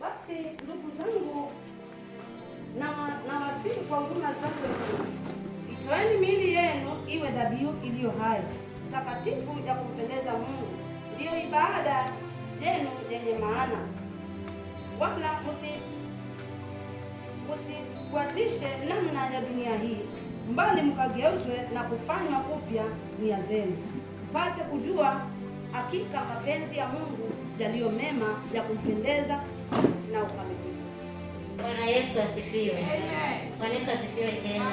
Basi ndugu zangu, na nawasihi kwa huduma zake, itoeni miili yenu iwe dhabihu iliyo hai takatifu ya kumpendeza Mungu, ndiyo ibada yenu yenye maana, wala msifuatishe namna ya dunia hii, mbali mkageuzwe na kufanywa upya nia zenu, mpate kujua hakika mapenzi ya Mungu yaliyo mema ya kumpendeza na ukamilifu. Bwana Yesu asifiwe. Bwana Yesu asifiwe tena.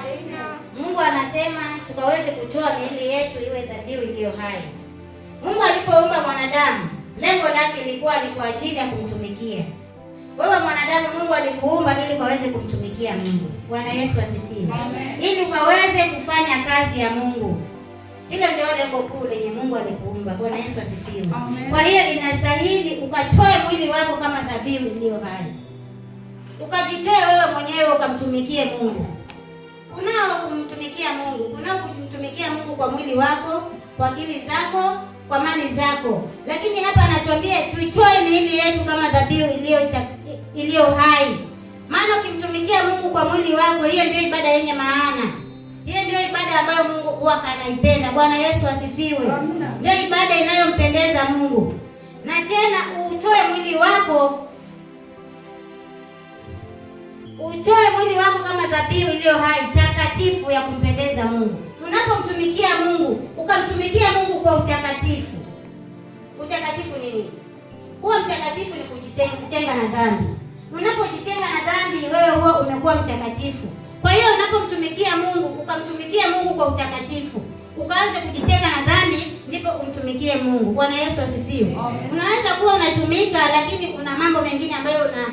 Mungu anasema tukaweze kutoa miili yetu iwe dhabihu iliyo hai. Mungu alipoumba mwanadamu, lengo lake lilikuwa ni kwa ajili ya kumtumikia. Wewe mwanadamu, Mungu alikuumba ili ukaweze kumtumikia Mungu. Bwana Yesu asifiwe. Amen. Ili ukaweze kufanya kazi ya Mungu. Hilo ndio lengo kuu lenye Mungu alikuumba. Bwana Yesu asifiwe. Kwa hiyo inastahili ukatoe mwili wako kama dhabihu iliyo hai, ukajitoe wewe mwenyewe ukamtumikie Mungu. Kunao kumtumikia Mungu, kunao kumtumikia Mungu kwa mwili wako, kwa akili zako, kwa mali zako, lakini hapa anatuambia tuitoe miili yetu kama dhabihu iliyo iliyo hai, maana ukimtumikia Mungu kwa mwili wako, hiyo ndio ibada yenye maana. Hiyo ndio ibada ambayo Mungu huwa anaipenda. Bwana Yesu asifiwe. Ndio ibada inayompendeza Mungu. Na tena utoe mwili wako, utoe mwili wako kama dhabihu iliyo hai takatifu ya kumpendeza Mungu. Unapomtumikia Mungu, ukamtumikia Mungu kwa utakatifu. Utakatifu ni nini? Kuwa mtakatifu ni kujitenga na dhambi. Unapojitenga na dhambi, wewe huwa umekuwa mtakatifu. Kwa hiyo unapomtumikia Mungu, ukamtumikia Mungu kwa utakatifu, ukaanza kujitenga na dhambi, ndipo umtumikie Mungu. Bwana Yesu asifiwe. Unaweza kuwa unatumika, lakini kuna mambo mengine ambayo una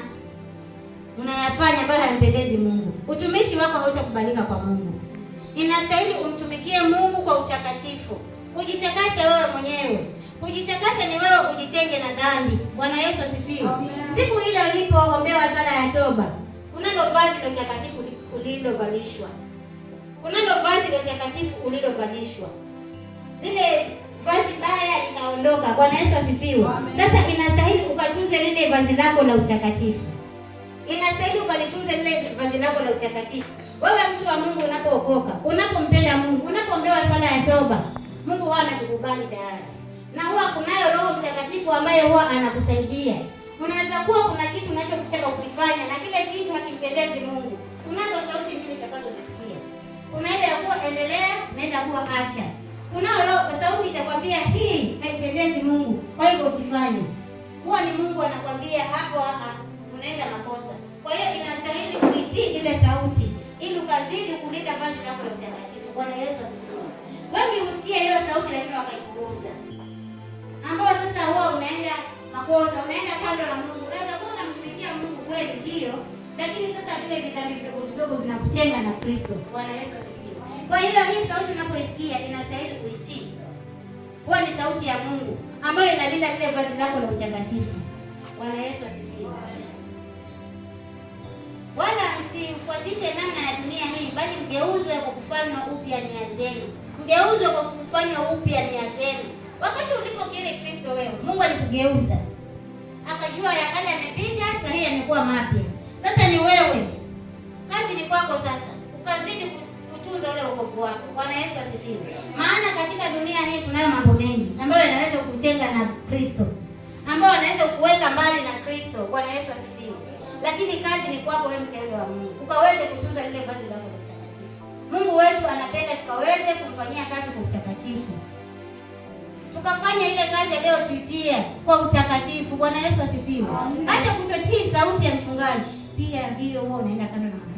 unayafanya ambayo hayampendezi Mungu. Utumishi wako hautakubalika kwa Mungu. Inastahili umtumikie Mungu kwa utakatifu, ujitakase wewe mwenyewe. Kujitakasa ni wewe ujitenge na dhambi. Bwana Yesu asifiwe. Siku ile ulipoombewa sala ya toba, unalo vazi la utakatifu ulilovalishwa, kunalo vazi la utakatifu ulilovalishwa. Lile vazi baya linaondoka. Bwana Yesu asifiwe. Sasa inastahili ukatunze lile vazi lako la utakatifu, inastahili ukalitunze lile vazi lako la utakatifu. Wewe mtu wa Mungu, unapookoka, unapompenda Mungu, unapoombewa sala ya toba, Mungu huwa anakukubali tayari, na huwa kunayo Roho Mtakatifu ambaye huwa anakusaidia. Unaweza kuwa kuna kitu unachokitaka kukifanya na kile kitu hakimpendezi Mungu kunazo sauti mbili utakazozisikia. Kuna ile ya kuwa endelea na ile ya kuwa acha. Kuna sauti itakwambia hii haipendezi Mungu, kwa hivyo usifanye. Huwa ni Mungu anakwambia hapo hapa unaenda makosa. Kwa hiyo inastahili kuitii ile sauti ili ukazidi kulinda vazi lako la utakatifu. Bwana Yesu asifiwe. Wengi husikia hiyo sauti lakini wakaipuuza. Ambao sasa huwa unaenda makosa, unaenda kando la Mungu. Unaweza kuwa unamtumikia Mungu kweli ndio, lakini sasa vile vidhambi vidogo vidogo vinakutenga na Kristo. Bwana Yesu asifiwe. Kwa hiyo hii sauti unapoisikia inastahili kuitii, huwa ni sauti ya Mungu ambayo inalinda lile vazi lako la utakatifu. Bwana Yesu asifiwe. Wala msifuatishe namna ya dunia hii, bali mgeuzwe kwa kufanywa upya nia zenu, mgeuzwe kwa kufanywa upya nia zenu. Wakati ulipokiri Kristo wewe, Mungu alikugeuza akajua ya kale yamepita, sasa hii yamekuwa mapya uovu wako. Bwana Yesu asifiwe. Maana katika dunia hii tunayo mambo mengi ambayo yanaweza kutenga na Kristo, ambayo yanaweza kuweka mbali na Kristo. Bwana Yesu asifiwe. Lakini kazi ni kwako wewe, mteule wa Mungu, ukaweze kutunza lile vazi lako la utakatifu. Mungu wetu anapenda tukaweze kumfanyia kazi kwa utakatifu, tukafanya ile kazi aliyotuitia kwa utakatifu. Bwana Yesu asifiwe. Hata kutotii sauti ya mchungaji, pia, mbio, wewe unaenda kando na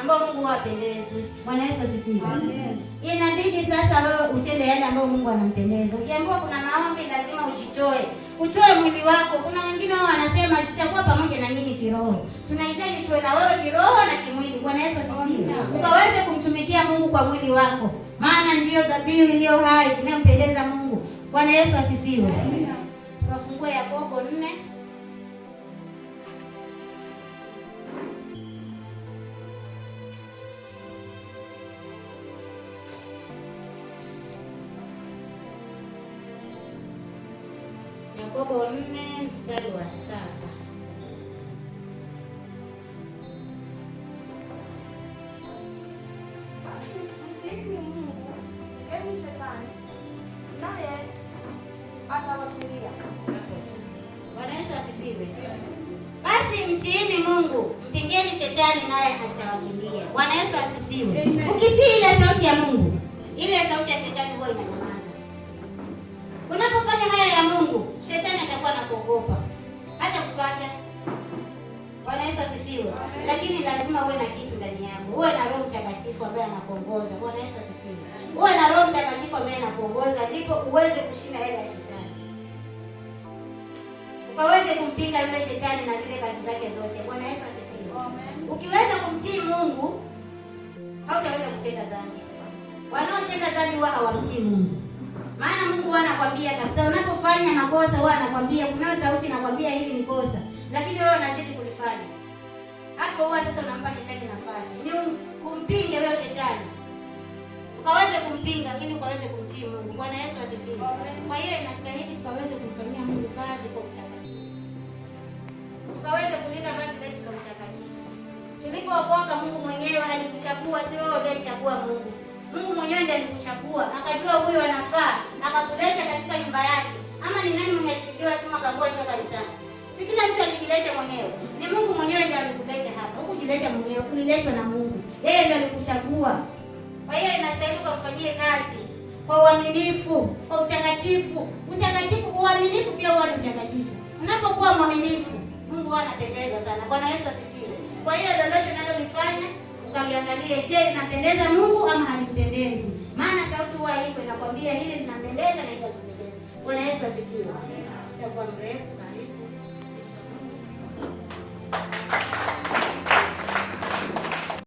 ambao Mungu hawapendezwi. Bwana Yesu asifiwe. Amen. Inabidi sasa wewe utende yale ambayo Mungu anampendeza. Ukiambiwa kuna maombi lazima ujitoe. Utoe mwili wako. Kuna wengine wao wanasema tutakuwa pamoja na nyinyi kiroho. Tunahitaji tuwe na wewe kiroho na kimwili. Bwana Yesu asifiwe. Ukaweze kumtumikia Mungu kwa mwili wako. Maana ndiyo dhabihu iliyo hai inayompendeza Mungu. Bwana Yesu asifiwe. Tufungue Yakobo 4 Yakobo nne mstari wa saba. Mtiini Mungu shetani naye atawatulia. Bwana Yesu asifiwe. Basi mtiini Mungu mpingeni shetani naye atawakimbia. Bwana Yesu asifiwe. Ukitii ile sauti ya Mungu, ile sauti ya shetani huwa ina Unapofanya haya ya Mungu, shetani atakuwa anakuogopa hata kufuata. Bwana Yesu asifiwe. Lakini lazima uwe na kitu ndani yako, uwe na Roho Mtakatifu ambaye anakuongoza. Bwana Yesu asifiwe. Uwe na Roho Mtakatifu ambaye anakuongoza, ndipo uweze kushinda yale ya shetani, ukaweze kumpinga yule shetani na zile kazi zake zote. Bwana Yesu asifiwe. Ukiweza kumtii Mungu, hautaweza kutenda dhambi. Wanaotenda dhambi huwa hawamtii Mungu. Maana Mungu huwa anakwambia kabisa, unapofanya makosa huwa anakwambia, kuna sauti inakwambia hili ni kosa, lakini wewe unazidi kulifanya. Hapo huwa sasa unampa shetani nafasi ni um, kumpinga wewe shetani, ukaweze kumpinga, lakini ukaweze kumtii Mungu. Bwana Yesu asifiwe. Kwa hiyo inastahili tukaweze kumfanyia Mungu kazi kwa utakatifu, tukaweze kulinda vazi letu kwa utakatifu. Tulipookoka Mungu mwenyewe alikuchagua, si wewe uliyemchagua Mungu. Mungu mwenyewe ndiye alikuchagua, akajua huyu anafaa, akakuleta katika nyumba yake. Ama ni nani mwenye alipigiwa simu akaambiwa toka kanisani? Si kila mtu alijileta mwenyewe, ni Mungu mwenyewe ndiye alikuleta hapa. Hukujileta mwenyewe, uliletwa na Mungu, yeye ndiye alikuchagua. Kwa hiyo inastahili kumfanyie kazi kwa uaminifu, kwa utakatifu. Utakatifu, uaminifu pia huwa ni utakatifu. Unapokuwa mwaminifu, Mungu huwa anapendezwa sana. Bwana Yesu asifiwe. Kwa hiyo lolote unalolifanya ukaliangalie, je, inapendeza Mungu? kama halimpendezi. Maana sauti huwa iko inakwambia hili linapendeza na hili halipendezi. Bwana Yesu asifiwe. Sitakuwa mrefu.